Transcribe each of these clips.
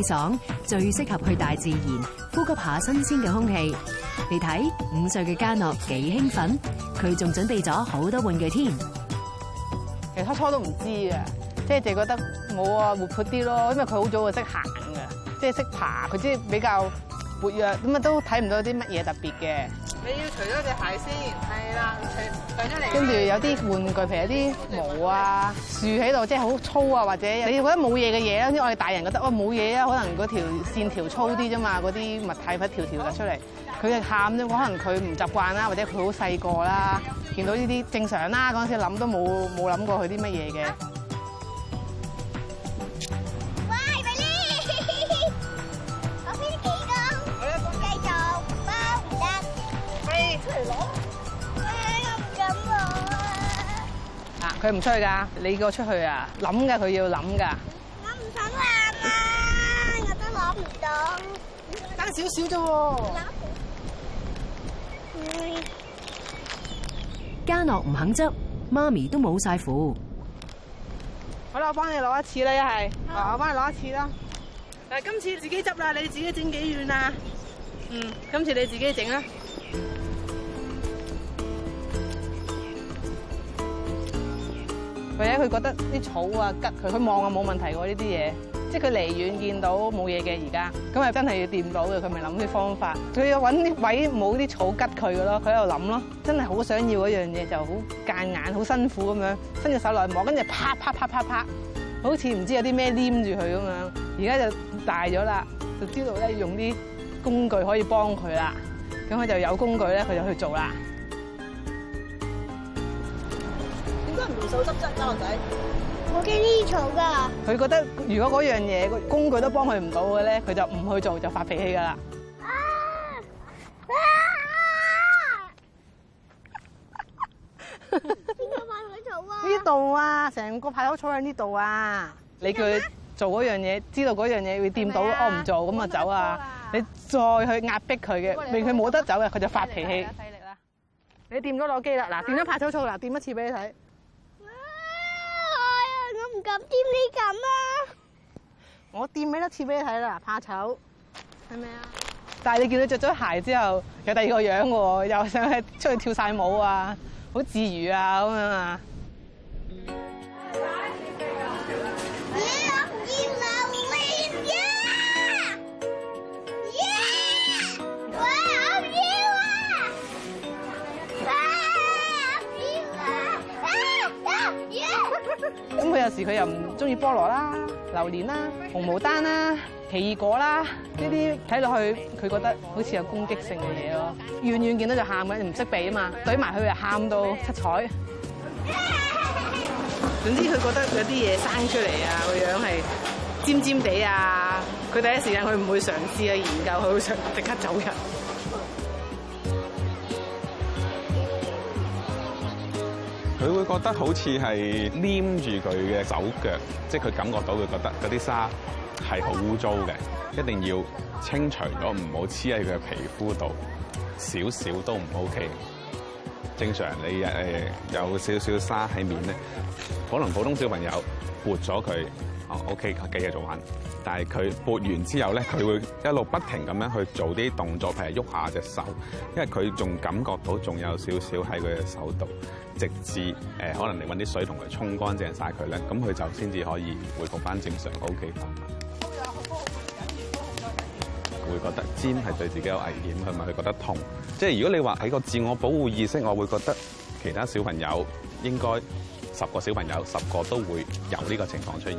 幾爽，最適合去大自然，呼吸下新鮮嘅空氣。你睇五歲嘅嘉諾幾興奮，佢仲準備咗好多玩具添。其實初初都唔知嘅，即係就覺得冇啊活潑啲咯，因為佢好早就識行㗎，即係識爬，佢即係比較活躍，咁啊都睇唔到啲乜嘢特別嘅。你要除咗隻鞋先，係啦，除咗，跟住有啲玩具，譬如有啲毛啊，豎喺度，即係好粗啊，或者你覺得冇嘢嘅嘢咧，我哋大人覺得哇冇嘢啊，可能嗰條線條粗啲啫嘛，嗰啲物體甩條條就出嚟，佢哋喊啫，可能佢唔習慣啦，或者佢好細個啦，見到呢啲正常啦，嗰陣時諗都冇冇諗過佢啲乜嘢嘅。佢唔出去噶，你個出去啊，諗噶，佢要諗噶。我唔想玩啦，我都攞唔到，爭少少啫喎。嘉諾唔肯執，媽咪都冇晒苦。好啦，我幫你攞一次啦，一係，我幫你攞一次啦。誒，今次自己執啦，你自己整幾遠啊？嗯，今次你自己整啦。或者佢覺得啲草啊拮佢，佢望啊冇問題喎呢啲嘢，即係佢離遠見到冇嘢嘅而家，咁啊真係要掂到嘅，佢咪諗啲方法，佢要揾啲位冇啲草拮佢嘅咯，佢喺度諗咯，真係好想要嗰樣嘢就好間硬好辛苦咁樣，伸隻手落去摸，跟住啪啪啪啪啪，好似唔知有啲咩黏住佢咁樣，而家就大咗啦，就知道咧用啲工具可以幫佢啦，咁佢就有工具咧，佢就去做啦。手執針、細路仔，我驚呢啲草噶。佢覺得如果嗰樣嘢個工具都幫佢唔到嘅咧，佢就唔去做，就發脾氣噶啦。啊啊！邊個派草啊？呢度啊，成個派手草喺呢度啊。你叫佢做嗰樣嘢，知道嗰樣嘢會掂到，我唔做咁，啊走啊！你再去壓迫佢嘅，令佢冇得走嘅，佢就發脾氣。使力啦！你掂咗攞機啦，嗱，掂咗派手草，嗱，掂一次俾你睇。掂你咁啊？我掂起一次俾你睇啦，怕醜係咪啊？但係你見到着咗鞋之後，有第二個樣喎，又想係出去跳晒舞啊，好自如啊咁樣啊。有時佢又唔中意菠蘿啦、榴蓮啦、紅毛丹啦、奇異果啦呢啲睇落去，佢覺得好似有攻擊性嘅嘢咯。遠遠見到就喊嘅，唔識避啊嘛，懟埋佢就喊到七彩。總之佢覺得有啲嘢生出嚟啊，個樣係尖尖地啊，佢第一時間佢唔會嘗試去研究，佢會想即刻走人。覺得好似係黏住佢嘅手腳，即係佢感覺到，佢覺得嗰啲沙係好污糟嘅，一定要清除咗，唔好黐喺佢嘅皮膚度，少少都唔 OK。正常你有少少沙喺面咧，可能普通小朋友撥咗佢。哦，OK，繼續玩，但係佢撥完之後咧，佢會一路不停咁樣去做啲動作，譬如喐下隻手，因為佢仲感覺到仲有少少喺佢嘅手度，直至誒、呃、可能你揾啲水同佢沖乾淨晒佢咧，咁佢就先至可以回復返正常嘅 OK 範。會覺得煎係對自己有危險，係咪佢覺得痛？即係，如果你話喺個自我保護意識，我會覺得其他小朋友應該十個小朋友十個都會有呢個情況出現。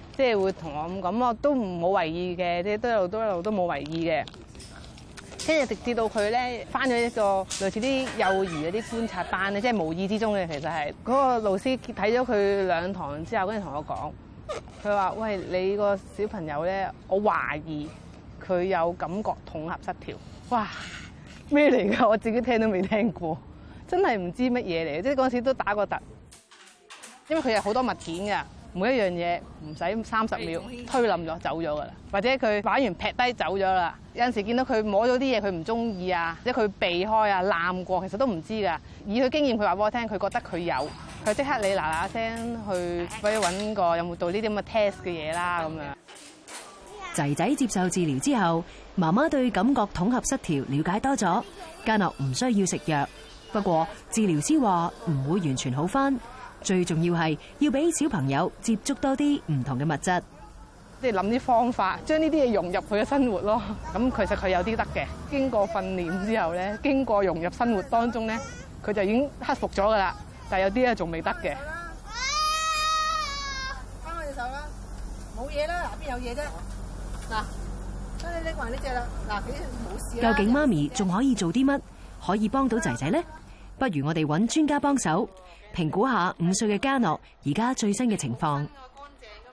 即係會同我咁講，我都冇為意嘅，即係一路都一路都冇為意嘅。跟住直至到佢咧返咗一個類似啲幼兒嗰啲觀察班咧，即係無意之中嘅，其實係嗰、嗰個老師睇咗佢兩堂之後，後跟住同我講，佢話：喂，你個小朋友咧，我懷疑佢有感覺統合失調。哇，咩嚟噶？我自己聽都未聽過，真係唔知乜嘢嚟。即係嗰陣時都打過突，因為佢有好多物件噶。每一樣嘢唔使三十秒推冧咗走咗噶啦，或者佢玩完劈低走咗啦。有陣時見到佢摸咗啲嘢佢唔中意啊，即係佢避開啊、攬過，其實都唔知噶。以佢經驗，佢話我聽，佢覺得佢有，佢即刻你嗱嗱聲去，可以揾個有冇做呢啲咁嘅 test 嘅嘢啦咁樣。仔仔接受治療之後，媽媽對感覺統合失調了解多咗，嘉諾唔需要食藥。不過治療師話唔會完全好翻。最重要係要俾小朋友接觸多啲唔同嘅物質，即係諗啲方法，將呢啲嘢融入佢嘅生活咯。咁其實佢有啲得嘅，經過訓練之後咧，經過融入生活當中咧，佢就已經克服咗噶啦。但係有啲咧仲未得嘅。攤開隻手啦，冇嘢啦，嗱，邊有嘢啫。嗱，將你拎埋呢隻啦。嗱，佢冇事啦。究竟媽咪仲可以做啲乜，可以幫到仔仔咧？不如我哋揾專家幫手。評估下五歲嘅嘉諾而家現在最新嘅情況。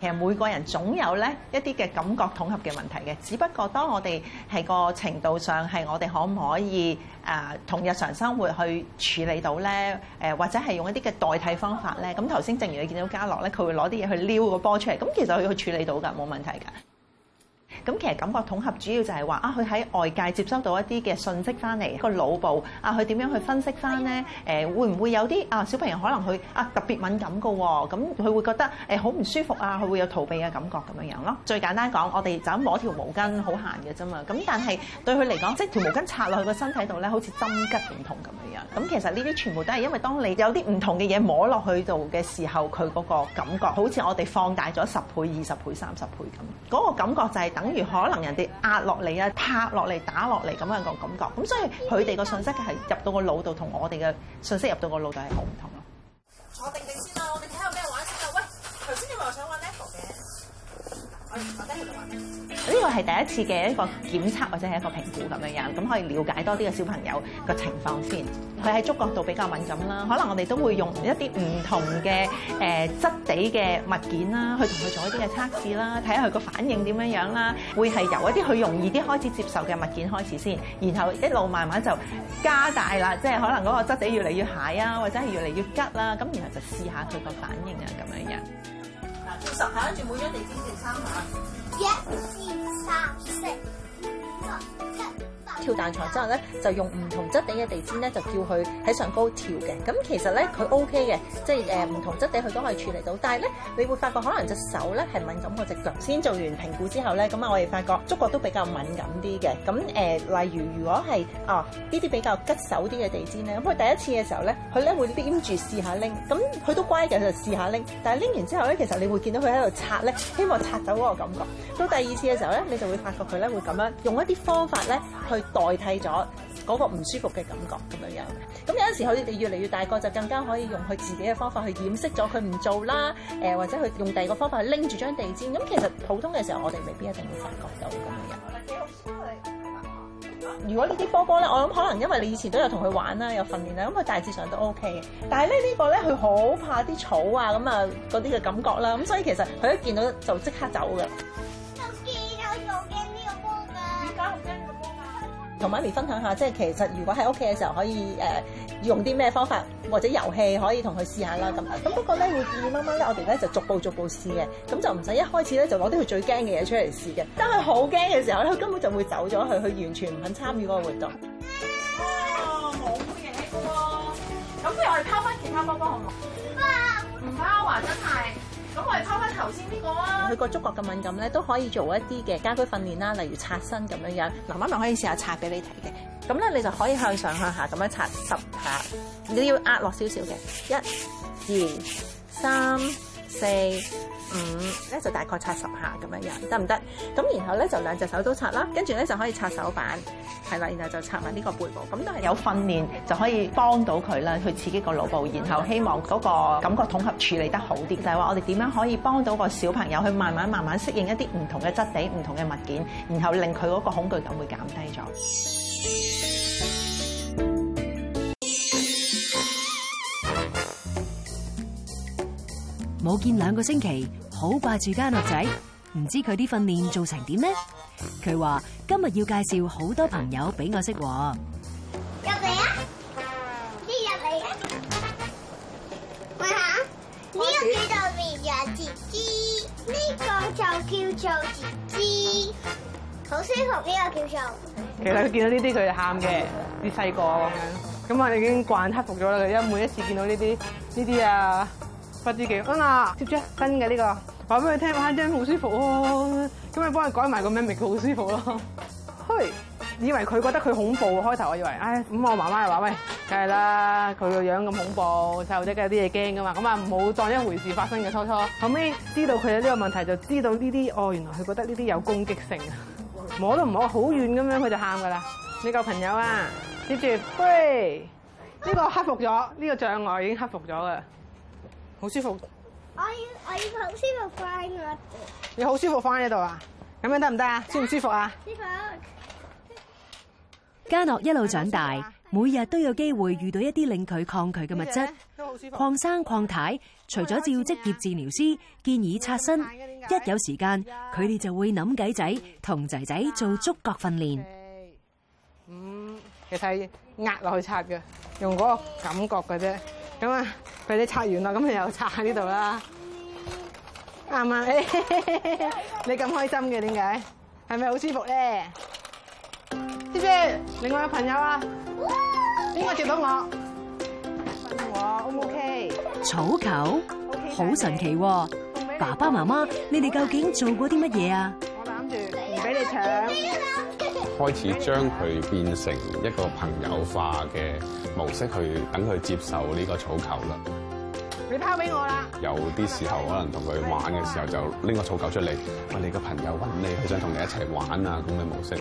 其實每個人總有咧一啲嘅感覺統合嘅問題嘅，只不過當我哋係個程度上係我哋可唔可以啊同日常生活去處理到咧？誒或者係用一啲嘅代替方法咧？咁頭先正如你見到嘉諾咧，佢會攞啲嘢去撩個波出嚟，咁其實佢去處理到㗎，冇問題㗎。咁其實感覺統合主要就係話啊，佢喺外界接收到一啲嘅訊息翻嚟，這個腦部啊，佢點樣去分析翻咧？誒，是的 會唔會有啲啊？小朋友可能佢啊特別敏感㗎喎，咁、啊、佢會覺得誒好唔舒服啊，佢會有逃避嘅感覺咁樣樣咯。最簡單講，我哋就咁攞條毛巾好閒嘅啫嘛。咁但係對佢嚟講，即係條毛巾插落去個身體度咧，好似針拮唔同咁樣樣。咁其實呢啲全部都係因為當你有啲唔同嘅嘢摸落去度嘅時候，佢嗰個感覺好似我哋放大咗十倍、二十倍、三十倍咁，嗰、那個感覺就係等。可能人哋壓落嚟啊，拍落嚟，打落嚟咁樣，個感覺，咁所以佢哋個信息係入到個腦度，同我哋嘅信息入到個腦度係好唔同咯。坐定定先啦，我哋睇下咩玩先啦。喂，頭先你話想玩 Apple 嘅，我哋坐低喺度玩。呢個係第一次嘅一個檢測或者係一個評估咁樣樣，咁可以了解多啲嘅小朋友個情況先。佢喺觸覺度比較敏感啦，可能我哋都會用一啲唔同嘅誒質地嘅物件啦，去同佢做一啲嘅測試啦，睇下佢個反應點樣樣啦。會係由一啲佢容易啲開始接受嘅物件開始先，然後一路慢慢就加大啦，即係可能嗰個質地越嚟越鞋啊，或者係越嚟越拮啦，咁然後就試下佢個反應啊咁樣樣。做十下，跟住每人你先做三下。一、二、三、四、五、六、七。跳彈床之後咧，就用唔同質地嘅地氈咧，就叫佢喺上高跳嘅。咁其實咧，佢 O K 嘅，即係誒唔同質地佢都可以處理到。但係咧，你會發覺可能隻手咧係敏感過隻腳。先做完評估之後咧，咁啊，我哋發覺觸覺都比較敏感啲嘅。咁誒、呃，例如如果係啊呢啲比較棘手啲嘅地氈咧，咁佢第一次嘅時候咧，佢咧會黏住試下拎，咁佢都乖嘅，佢就試下拎。但係拎完之後咧，其實你會見到佢喺度擦咧，希望擦走嗰個感覺。到第二次嘅時候咧，你就會發覺佢咧會咁樣用一啲方法咧去。代替咗嗰個唔舒服嘅感覺咁樣樣，咁有陣時佢哋越嚟越大個就更加可以用佢自己嘅方法去掩飾咗佢唔做啦，誒或者佢用第二個方法去拎住張地氈，咁其實普通嘅時候我哋未必一定會發覺到咁樣樣。如果呢啲波波咧，我諗可能因為你以前都有同佢玩啦，有訓練啦，咁佢大致上都 OK 嘅。但係咧呢個咧，佢好怕啲草啊，咁啊嗰啲嘅感覺啦，咁所以其實佢一見到就即刻走㗎。同媽咪分享下，即係其實如果喺屋企嘅時候可以誒、呃、用啲咩方法或者遊戲可以同佢試下啦。咁咁不過咧，會建議媽媽咧，我哋咧就逐步逐步試嘅，咁就唔使一開始咧就攞啲佢最驚嘅嘢出嚟試嘅。當佢好驚嘅時候咧，佢根本就會走咗去，佢完全唔肯參與嗰個活動。哦，冇嘢呢，咁不如我哋拋翻其他包包好唔好？唔拋啊，啊，真係。咁我哋拋翻頭先呢個啊，佢個觸覺嘅敏感咧，都可以做一啲嘅家居訓練啦，例如擦身咁樣樣，嗱，媽咪可以試下擦俾你睇嘅。咁咧，你就可以向上向下咁樣擦十下，你都要壓落少少嘅，一、二、三。四五咧就大概擦十下咁樣樣，得唔得？咁然後咧就兩隻手都擦啦，跟住咧就可以擦手板，係啦，然後就擦埋呢個背部，咁都係有訓練就可以幫到佢啦，去刺激個腦部，然後希望嗰個感覺統合處理得好啲，就係話我哋點樣可以幫到個小朋友去慢慢慢慢適應一啲唔同嘅質地、唔同嘅物件，然後令佢嗰個恐懼感會減低咗。我冇見兩個星期好掛住嘉諾仔，唔知佢啲訓練做成點呢？佢話今日要介紹好多朋友俾我識喎。入嚟啊！你入嚟啊！喂吓，呢個叫做綿羊姐姐，呢個就叫做姐姐，好舒服呢個叫做。其實佢見到呢啲佢就喊嘅，啲細個講緊，咁我哋已經慣克服咗啦。因為每一次見到呢啲呢啲啊。不知幾啊嗱，接住新嘅呢、這個，話俾佢聽話真好舒服喎、啊，咁你幫佢改埋個名咪好舒服咯、啊。嘿，以為佢覺得佢恐怖，開頭我以為，唉、哎，咁、嗯、我媽媽又話喂，梗係啦，佢個樣咁恐怖，細路仔梗係啲嘢驚噶嘛，咁啊冇當一回事發生嘅，初初後尾知道佢有呢個問題，就知道呢啲，哦，原來佢覺得呢啲有攻擊性啊，嗯、摸都唔摸，好遠咁樣佢就喊噶啦。你、嗯、個朋友啊，接住，嘿，呢、這個克服咗，呢、這個障礙已經克服咗噶。好舒服我！我要我要好舒服翻喺你好舒服翻喺呢度啊？咁樣得唔得啊？舒唔舒服啊？舒服。嘉諾一路長大，是是每日都有機會遇到一啲令佢抗拒嘅物質。鄺生鄺太，除咗照職業治療師建議擦身，何一有時間佢哋就會諗計仔同仔仔做觸覺訓練。嗯，其實壓落去擦嘅，用嗰個感覺嘅啫。咁啊，畀你拆完啦，咁你又拆喺呢度啦，啱唔啱？你咁開心嘅點解？係咪好舒服咧？知唔知，另外有朋友啊，邊個 接到我？我 O 唔 OK？草球，好嗎神奇喎，啊！爸爸媽媽，你哋究竟做過啲乜嘢啊？我攬住。俾你搶！開始將佢變成一個朋友化嘅模式去等佢接受呢個草球啦。你拋俾我啦！有啲時候可能同佢玩嘅時候就拎個草球出嚟，喂，你個朋友揾你，佢想同你一齊玩啊咁嘅模式。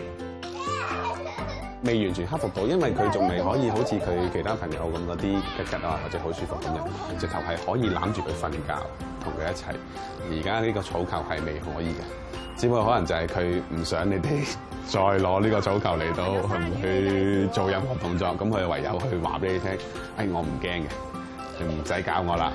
未完全克服到，因為佢仲未可以好似佢其他朋友咁嗰啲吉吉啊或者好舒服咁樣，直頭係可以攬住佢瞓覺，同佢一齊。而家呢個草球係未可以嘅。只不過可能就係佢唔想你哋再攞呢個草球嚟到，佢唔去做任何動作，咁佢唯有去話俾你聽，誒我唔驚嘅，你唔使搞我啦。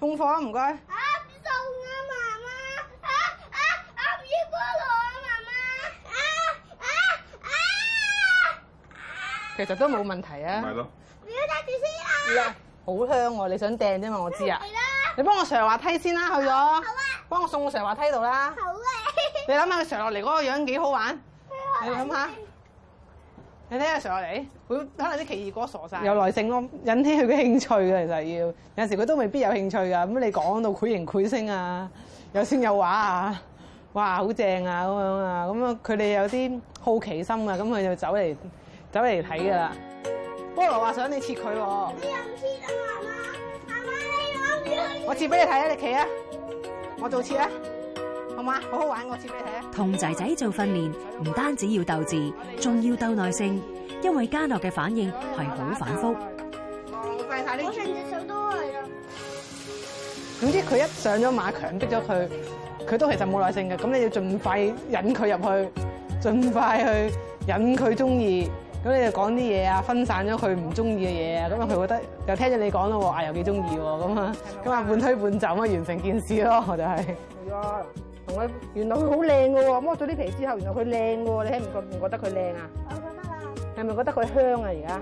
送貨啊，唔該。其實都冇問題啊！係咯，唔要揸住先啦。係啊，好、yeah, 香喎、啊！你想掟啫嘛？我知啊。係啦。 你幫我上滑梯先啦、啊，去咗。 好啊。幫我送上滑梯度啦。好啊。 你諗下佢上落嚟嗰個樣幾好玩？ 你諗下，你睇下上落嚟，佢可能啲奇異哥傻晒，有耐性咯、啊，引起佢嘅興趣嘅、啊、其實要有時佢都未必有興趣噶、啊，咁你講到繪形繪聲啊，有聲有畫啊，哇，好正啊，咁樣啊，咁啊，佢哋有啲好奇心啊，咁佢就走嚟。走嚟睇噶啦！菠蘿話想你切佢，你又唔切啊！媽媽，媽媽，你我切俾你睇啊！你企啊！我做切啊！好嘛，好好玩，我切俾你睇。啊。同仔仔做訓練，唔單止要鬥智，仲要鬥耐性，因為嘉諾嘅反應係好反覆。我快晒你，我成隻手都係啊！總之佢一上咗馬，強逼咗佢，佢都其實冇耐性嘅。咁你要盡快引佢入去，盡快去引佢中意。咁你就講啲嘢啊，分散咗佢唔中意嘅嘢啊，咁啊佢覺得又聽咗你講咯喎，啊又幾中意喎，咁啊咁啊半推半就咁啊完成件事咯，就係。係啊，同佢原來佢好靚嘅喎，剝咗啲皮之後，原來佢靚嘅喎，你係唔覺唔覺得佢靚啊？我覺得啊。係咪覺得佢香啊而家？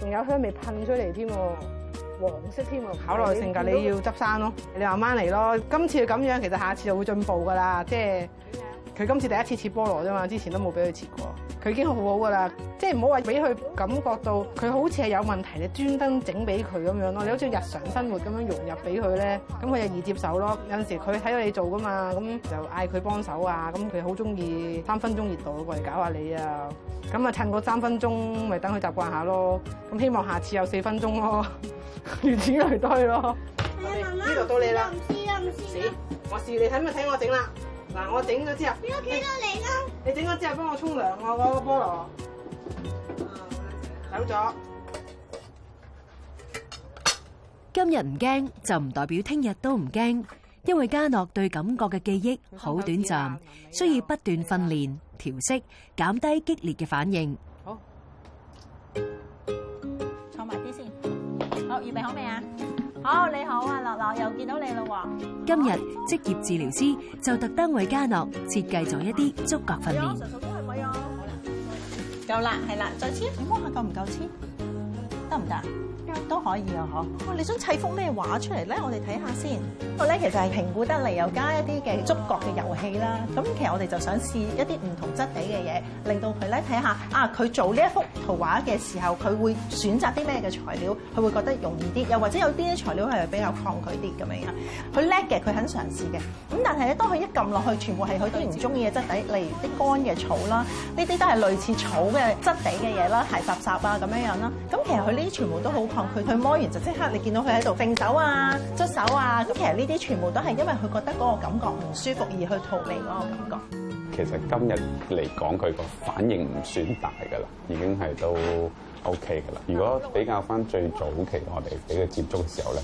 仲有香味噴出嚟添，黃色添啊，考耐性㗎，你要執生咯，你慢慢嚟咯。今次咁樣，其實下一次就會進步㗎啦，即係。佢今次第一次切菠蘿啫嘛，之前都冇俾佢切過。佢已經好好噶啦，即係唔好話俾佢感覺到佢好似係有問題你專登整俾佢咁樣咯。你好似日常生活咁樣融入俾佢咧，咁佢就易接受咯。有陣時佢睇到你做噶嘛，咁就嗌佢幫手啊，咁佢好中意三分鐘熱度過嚟搞下你啊。咁啊，趁嗰三分鐘，咪等佢習慣下咯。咁希望下次有四分鐘咯，如此類推咯。呢度媽到你我唔啊，唔我，我，我試，你睇咪睇我整啦。嗱，我整咗之後，你屋企落嚟啦。你整咗之後幫我沖涼啊，我個菠蘿。走咗。今日唔驚就唔代表聽日都唔驚，因為嘉諾對感覺嘅記憶好短暫，需要不斷訓練調適，減低激烈嘅反應。好，坐埋啲先。好，預備好未啊？好，你好啊，樂樂又見到你喎。今日天職業治療師就特登為嘉諾設計咗一啲觸覺訓練。夠啦，係啦，再黐，你摸下夠唔夠黐？得唔得？都可以啊，嗬！你想砌幅咩畫出嚟咧？我哋睇下先。我咧其實係評估得嚟，又加一啲嘅觸覺嘅遊戲啦。咁其實我哋就想試一啲唔同質地嘅嘢，令到佢咧睇下啊，佢做呢一幅圖畫嘅時候，佢會選擇啲咩嘅材料，佢會覺得容易啲，又或者有啲啲材料係比較抗拒啲咁樣樣。佢叻嘅，佢肯嘗試嘅。咁但係咧，當佢一撳落去，全部係佢啲唔中意嘅質地，例如啲乾嘅草啦，呢啲都係類似草嘅質地嘅嘢啦，鞋雜雜啊咁樣樣啦。咁其實佢呢啲全部都好。佢佢摸完就即刻，你見到佢喺度揈手啊、捽手啊，咁其實呢啲全部都係因為佢覺得嗰個感覺唔舒服而去逃避嗰個感覺。其實今日嚟講，佢個反應唔算大噶啦，已經係都 OK 噶啦。如果比較翻最早期我哋俾佢接觸嘅時候咧，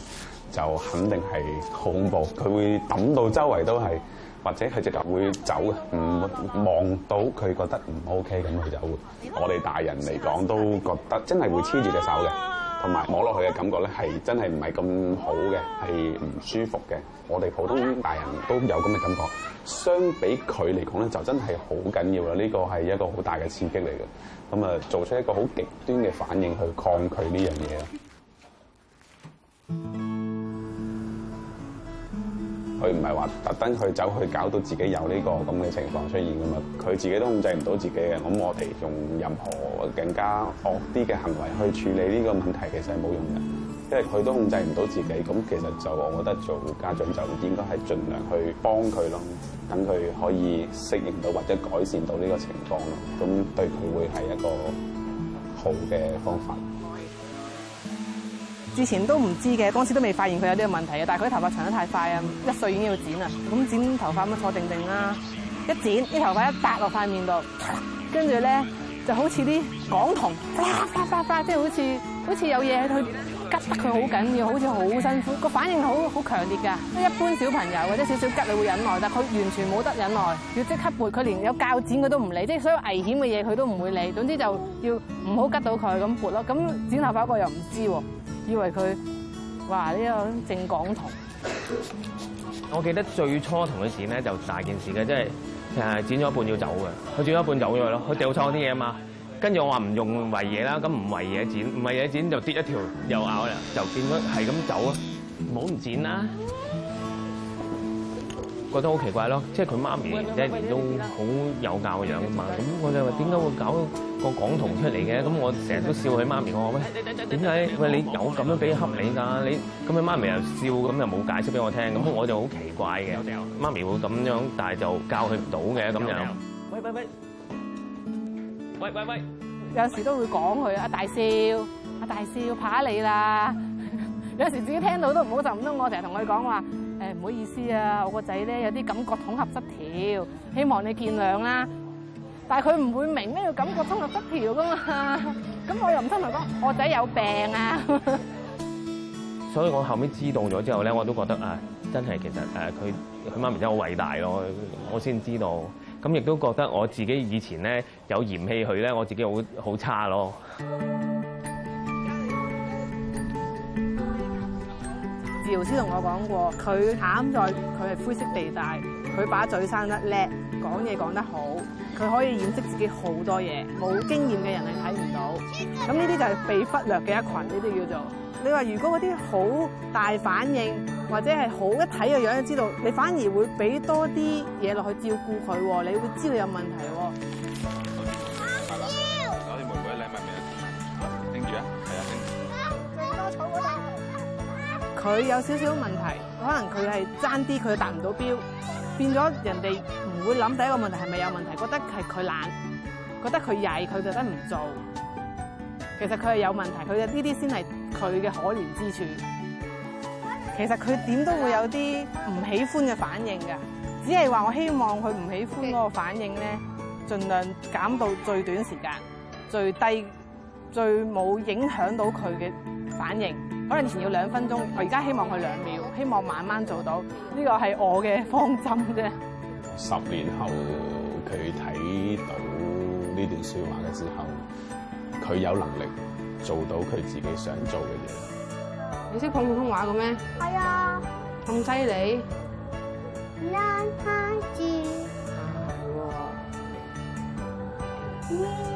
就肯定係恐怖，佢會揼到周圍都係，或者佢直頭會走嘅，唔會望到佢覺得唔 OK 咁佢就會。我哋大人嚟講都覺得真係會黐住隻手嘅。同埋摸落去嘅感覺咧，係真係唔係咁好嘅，係唔舒服嘅。我哋普通大人都有咁嘅感覺。相比佢嚟講咧，就真係好緊要啦。呢個係一個好大嘅刺激嚟嘅。咁啊，做出一個好極端嘅反應去抗拒呢樣嘢。佢唔係話特登去走去搞到自己有呢個咁嘅情況出現㗎嘛，佢自己都控制唔到自己嘅，咁我哋用任何更加惡啲嘅行為去處理呢個問題，其實係冇用嘅，因為佢都控制唔到自己，咁其實就我覺得做家長就應該係盡量去幫佢咯，等佢可以適應到或者改善到呢個情況咯，咁對佢會係一個好嘅方法。之前都唔知嘅，當時都未發現佢有呢個問題嘅。但係佢啲頭髮長得太快啊，一歲已經要剪啦。咁剪頭髮咪坐定定啦。一剪啲頭髮一搭落塊面度，跟住咧就好似啲港童，即係好似好似有嘢去吉得佢好緊要，好似好辛苦個反應好好強烈㗎。一般小朋友或者少少吉，你會忍耐，但佢完全冇得忍耐，要即刻撥。佢連有鉸剪佢都唔理，即係所有危險嘅嘢佢都唔會理。總之就要唔好吉到佢咁撥咯。咁剪頭髮嗰個又唔知喎。以為佢話呢個正港堂，我記得最初同佢剪咧就大件事嘅，即係誒剪咗一半要走嘅，佢剪咗一半走咗去咯，佢掉錯啲嘢吖嘛，跟住我話唔用圍嘢啦，咁唔圍嘢剪，唔圍嘢剪就跌一條又咬啦，就變咗係咁走啊，唔好唔剪啦。覺得好奇怪咯，即係佢媽咪爹哋都好有教養噶嘛，咁我就話點解會搞個港童出嚟嘅？咁我成日都笑佢媽咪，我話咩？點解？喂你有咁樣俾恰你㗎？你咁樣佢媽咪又笑咁又冇解釋俾我聽，咁我就好奇怪嘅。媽咪會咁樣，但係就教佢唔到嘅咁樣。喂喂喂！喂喂喂！有時都會講佢啊，大少啊，大少怕你啦！有時自己聽到都唔好受唔到，我成日同佢講話。誒，唔好意思啊，我個仔咧有啲感覺統合失調，希望你見諒啦。但係佢唔會明咩叫感覺統合失調噶嘛，咁我又唔忍心同講，我仔有病啊。所以我後尾知道咗之後咧，我都覺得啊、哎，真係其實誒，佢佢媽咪真係好偉大咯。我先知道，咁亦都覺得我自己以前咧有嫌棄佢咧，我自己好好差咯。老師同我講過，佢慘在佢係灰色地帶，佢把嘴生得叻，講嘢講得好，佢可以掩飾自己好多嘢，冇經驗嘅人係睇唔到。咁呢啲就係被忽略嘅一群。呢啲叫做你話。如果嗰啲好大反應，或者係好一睇嘅樣，知道你反而會俾多啲嘢落去照顧佢喎，你會知道有問題喎。佢有少少問題，可能佢係爭啲，佢達唔到標，變咗人哋唔會諗第一個問題係咪有問題？覺得係佢懶，覺得佢曳，佢覺得唔做。其實，佢係有問題，佢嘅呢啲先係佢嘅可憐之處。其實，佢點都會有啲唔喜歡嘅反應㗎，只係話我希望佢唔喜歡嗰個反應咧，盡量減到最短時間、最低、最冇影響到佢嘅反應。可能前要兩分鐘，我而家希望佢兩秒，希望慢慢做到。呢個係我嘅方針啫。十年後佢睇到呢段說話嘅之後，佢有能力做到佢自己想做嘅嘢。你識講普通話嘅咩？係啊，咁犀利。嗯